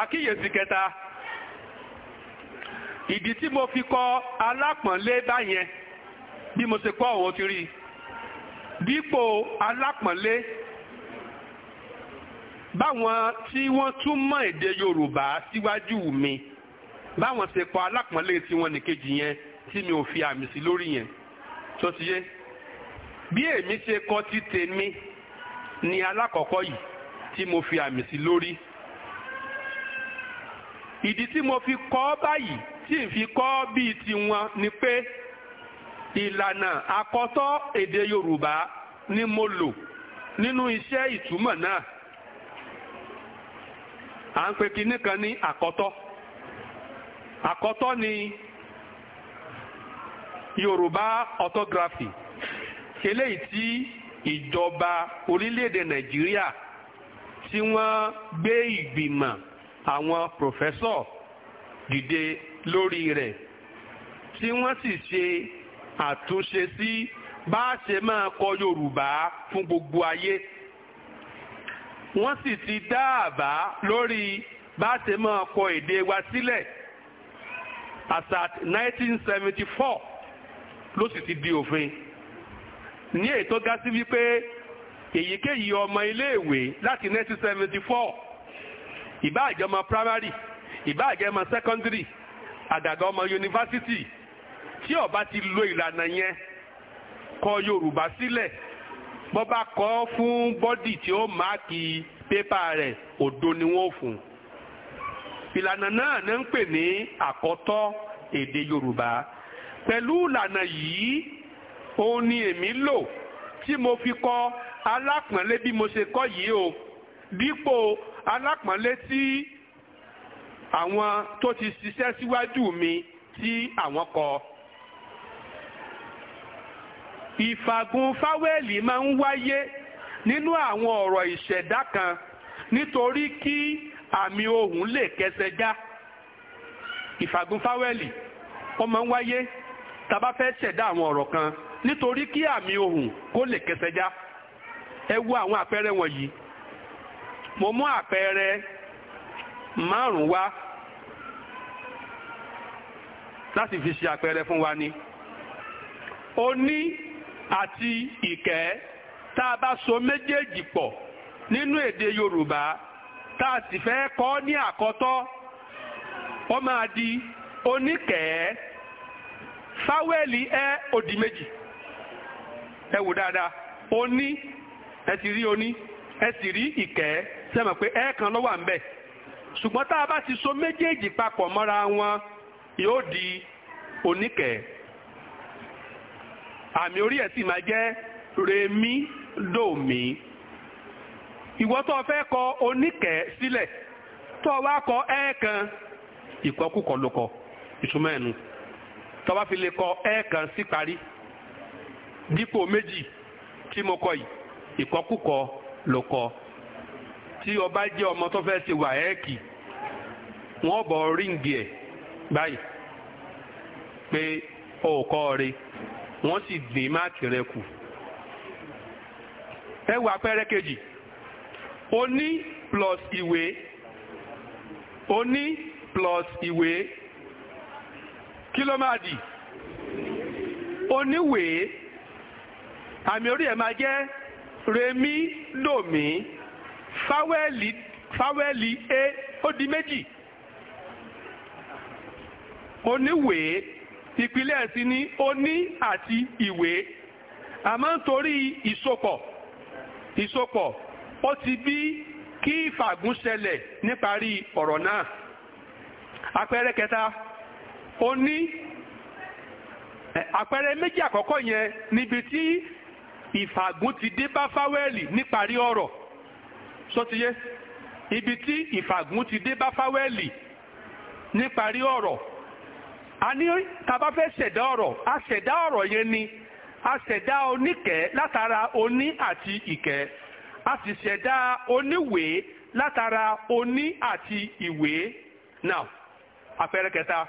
àkíyèsí kẹta ìdí tí mo fi kọ alápọ̀nlé báyẹn bí mo ṣe kọ́ òun ti rí dípò alápọ̀nlé báwọn tí wọ́n túmọ̀ èdè Yorùbá síwájú mi báwọn ṣe kọ alápọ̀nlé tiwọn nìkejì yẹn tí mi ò fi àmì sí lórí yẹn tó ti yé bí èmi ṣe kọ ti tèmi ni alákọ̀ọ́kọ́ yìí tí mo fi àmì sí lórí ìdí tí mo fi kọ́ báyìí tí n fi kọ́ bíi tiwọn ni pé ìlànà àkọ́tọ́ èdè Yorùbá ni mo lò nínú iṣẹ́ ìtumọ̀ náà à ń pe kinní kan ní àkọ́tọ́ àkọ́tọ́ ni Yorùbá orthography eléyìí tí ìjọba orílẹ̀-èdè Nàìjíríà tí wọ́n gbé ìgbìmọ̀ àwọn pòfẹ́sọ̀ dìde lórí rẹ̀ tí wọ́n sì ṣe àtúnṣe sí bá a ṣe máa kọ Yorùbá fún gbogbo ayé wọ́n sì ti dá àbá lórí bá a ṣe máa kọ èdè wa sílẹ̀ as at 1974 ló sì ti di òfin ní èyí tó ga sí wípé èyíkéyìí ọmọ iléèwé láti 1974 ìbá àjọmọ primary ìbá àjọmọ secondary àgàgà ọmọ university. tí ó ti lo ìlànà yẹn kọ yorùbá sílẹ̀ bó bá kọ fún bọ́dì tí ó máàkì pépà rẹ̀ òdo ni wọ́n fún ìlànà náà ní ń pè ní àkọ́tọ́ èdè yorùbá pẹ̀lú ìlànà yìí òun ni èmi lò tí mo fi kọ́ alápọ̀nlé bí mo ṣe kọ́ yìí o dípò alápọ̀nlé tí àwọn tó ti ṣiṣẹ́ síwájú mi tí àwọn kọ. ìfàgùn fáwẹ́lì máa ń wáyé nínú àwọn ọ̀rọ̀ ìṣẹ̀dá kan nítorí kí àmì ohùn lè kẹsẹ̀ já ìfàgùn fáwẹ́lì ó máa ń wáyé tá bá fẹ́ ṣẹ̀dá àwọn ọ̀rọ̀ kan nítorí kí àmì ohùn kó lè kẹsẹ̀ já ẹ wo àwọn àpẹẹrẹ wọ̀nyí mo mú àpẹẹrẹ márùn wá láti fi ṣe àpẹẹrẹ fún wa ni oní àti ìkẹ́ tá a bá so méjèèjì pọ̀ nínú èdè Yorùbá tá a sì fẹ́ kọ ní àkọ́tọ́ ó máa di oníkẹ́ fáwẹ́lì ẹ òdì méjì ẹ wò dáadáa oní ẹ ti rí oní ẹ sì rí ìkẹ́ sẹ́mọ̀ pé ẹ̀ẹ̀kan ló wà ń bẹ̀ ṣùgbọ́n tá a bá ti so méjèèjì papọ̀ mọ́ra wọn yóò di oníkẹ́ àmì orí ẹ̀ sì máa jẹ́ rèmí dòmí ìwọ tó o fẹ́ kọ oníkẹ́ sílẹ̀ tó o wá kọ ẹ̀ẹ̀kan ìkọkúkọ ló kọ ìtumọ̀ ẹ̀nu tó o bá fi lè kọ ẹ̀ẹ̀kan sí parí dípò méjì tí mo kọ yìí ìkọkúkọ ló kọ tí ọba jẹ́ ọmọ tó fẹ́ ṣe wàhẹ́ẹ̀kì wọ́n bọ̀ ríǹgì ẹ̀ báyìí pé ọ̀ọ́kọ́ rẹ wọ́n sì dín máàkì rẹ kù ẹ wo àpẹẹrẹ kejì oní plus ìwé oní plus ìwé kí ló máa dì oníwèé àmì orí ẹ̀ máa jẹ́ Remi, lòmí fáwẹ́lì fáwẹ́lì e ó di méjì oníwèé ìpìlẹ̀ sí ní oní àti ìwé àmọ́ nítorí ìsopọ̀ ìsopọ̀ ó ti bí kí ìfàgùn ṣẹlẹ̀ níparí ọ̀rọ̀ náà àpẹẹrẹ kẹta oní àpẹẹrẹ méjì àkọ́kọ́ yẹn níbi tí ìfàgùn ti dé bá fáwẹ́lì níparí ọ̀rọ̀ sọtiyé ibi tí ìfàgùn ti dé bá fáwẹ́lì níparí ọ̀rọ̀ a ní tàbá fẹ́ ṣẹ̀dá ọ̀rọ̀ a ṣẹ̀dá ọ̀rọ̀ yẹn ni a ṣẹ̀dá oníkẹ́ látara oní àti ìkẹ́ a sì ṣẹ̀dá oníwèé látara oní àti ìwé now àpẹẹrẹ kẹta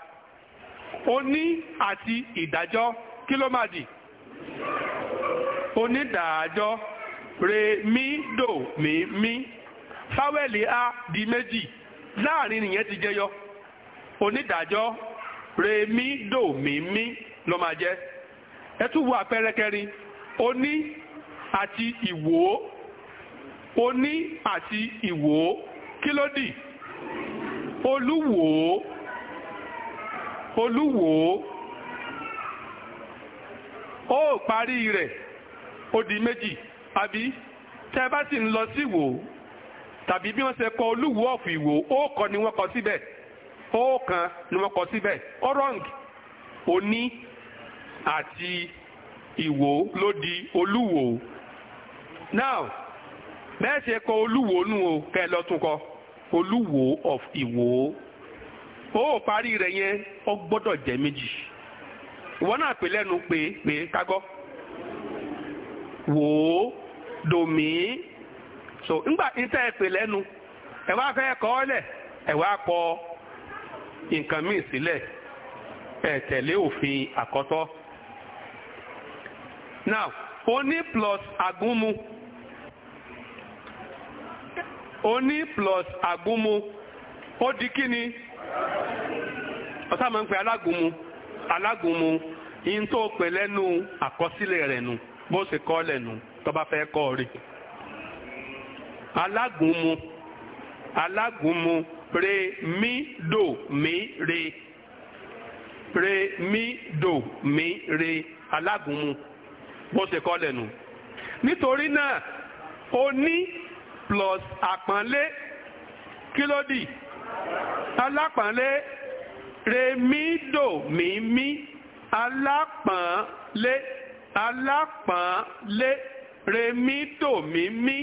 oní àti ìdájọ́ kí ló máa dì? onídàájọ́ re mi do mi mi fáwẹ́lì a di méjì láàrin nìyẹn ti jẹyọ onídàájọ́ re mi do mi mi ló máa jẹ ẹ tún wo àpẹẹrẹ kẹrin oní àti ìwò oní àti ìwò kí ló dì olúwo olúwo ó parí rẹ̀ ó di méjì àbí tẹ́ bá sì ń lọ sí Ìwó tàbí bí wọ́n ṣe kọ Olúwo of Ìwó óòkan ni wọ́n kọ síbẹ̀ óòkan ni wọ́n kọ síbẹ̀ orong Oní àti Ìwó ló di Olúwo now bẹ́ẹ̀ ṣe kọ Olúwo nù o kẹ́ ẹ lọ tún kọ Olúwo of Ìwó ó parí rẹ̀ yẹn ó gbọ́dọ̀ jẹ́ méjì ìwọ náà pè lẹ́nu pé pé kágọ́. wò ó dòmí so ńgbà iṣẹ́ ẹ̀pẹ̀ lẹ́nu ẹ wá fẹ́ kọ́ ọ́lẹ̀ ẹ wá kọ nǹkan míì sílẹ̀ ẹ tẹ̀lé òfin àkọ́tọ́ now oní plus agúnmu oní plus agúnmu ó di kí ni ọ̀sán máa ń pè alágúnmu alágúnmu yín tó pè lẹ́nu àkọsílẹ̀ rẹ̀ nu bó ṣe kọ́ lẹ́nu tó bá fẹ́ kọ́ rí. alágúnmu alágúnmu re mi do mi re re mi do mi re alágúnmu bó ṣe kọ́ lẹ́nu. nítorí náà o ní plus àpọ́nlé kí mi do mi mi alápọ̀nlé alápọ̀nlé remi tòmí mí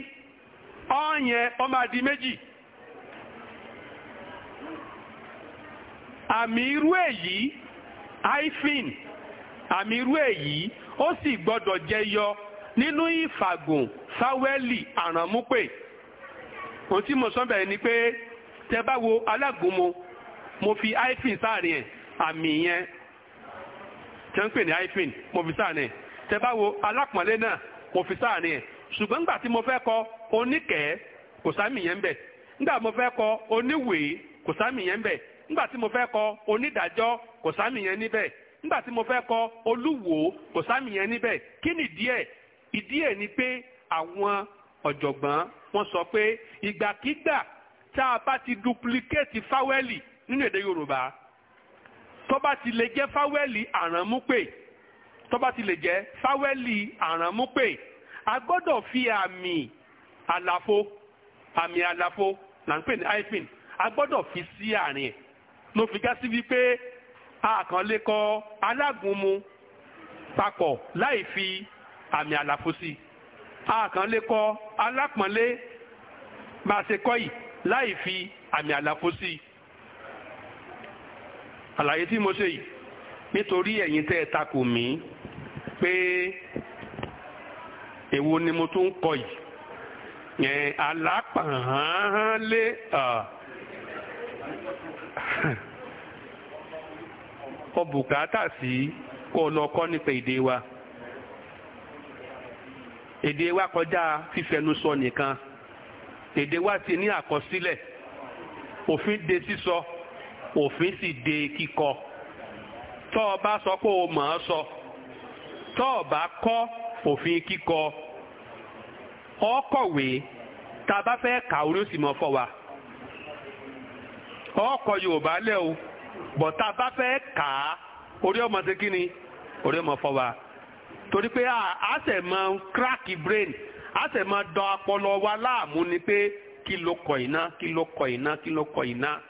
ọ̀yẹn ó máa di méjì. àmì irú èyí hyphen àmì irú èyí ó sì gbọ́dọ̀ jẹyọ nínú ìfàgùn sáwẹ́lì àrànmúpè ohun tí mo sọ bẹ́ẹ̀ ni pé tẹ bá wo alágúnmu mo fi hyphen sáàrin ẹ̀ àmì yẹn tẹ́ ń pè ní hyphen mo fi sáà ní ẹ̀ tẹ́ bá wo alápọ̀nlé náà mo fi sáà ní ẹ̀ ṣùgbọ́n nígbà tí mo fẹ́ kọ oníkẹ́ kò sámì yẹn ń bẹ̀ nígbà mo fẹ́ kọ oníwèé kò sámì yẹn ń bẹ̀ nígbà tí mo fẹ́ kọ onídàájọ́ kò sámì yẹn níbẹ̀ nígbà tí mo fẹ́ kọ olúwo kò sámì yẹn níbẹ̀ kí ni ìdí ẹ̀ ìdí ẹ̀ ni pé àwọn ọ̀jọ̀gbọ́n wọ́n sọ pé ìgbàkígbà tá a bá ti duplicate fáwẹ́lì nínú èdè Yorùbá tọ́ba ti lè jẹ́ fáwẹ́lì àránmúpè tọ́ba ti lè jẹ́ fáwẹ́lì àránmúpè a gbọ́dọ̀ fi àmì àlàfo àmì àlàfo là ń pè ní hyphen a gbọ́dọ̀ fi sí àárín ẹ̀ ló fi já sí wípé àkànlé kọ alágúnmu papọ̀ láì fi àmì àlàfo sí àkànlé kọ alápọ̀nlé máa láì fi àmì àlàfo sí i àlàyé tí mo ṣe yìí nítorí ẹ̀yin tẹ́ ẹ takò mí pé èwo ni mo tún kọ yìí yẹn alápàhánlé ọ bùkátà sí kó lọ kọ́ nípa èdè wa èdè wa kọjá fífẹnusọ nìkan èdè wa ti ní àkọsílẹ̀ òfin de sísọ. so òfin sì de kíkọ tọ ọba bá sọ pé o mọ̀ ọ́ sọ tọ ọba kọ kọ́ òfin kíkọ ọ kọ̀wé tá a bá fẹ́ kà orí ó sì mọ̀ fọ́ wa ọkọ̀ Yorùbá lẹ̀ o bọ̀ tá a bá fẹ́ kà á orí ọmọ ṣe kí ni orí ọmọ fọ́ wa torí pé a ṣẹ̀ mọ crack brain a ṣẹ̀ mọ dán ọpọlọ wa láàmú ni pé kí ló kọ iná kí ló kọ iná kí ló kọ iná.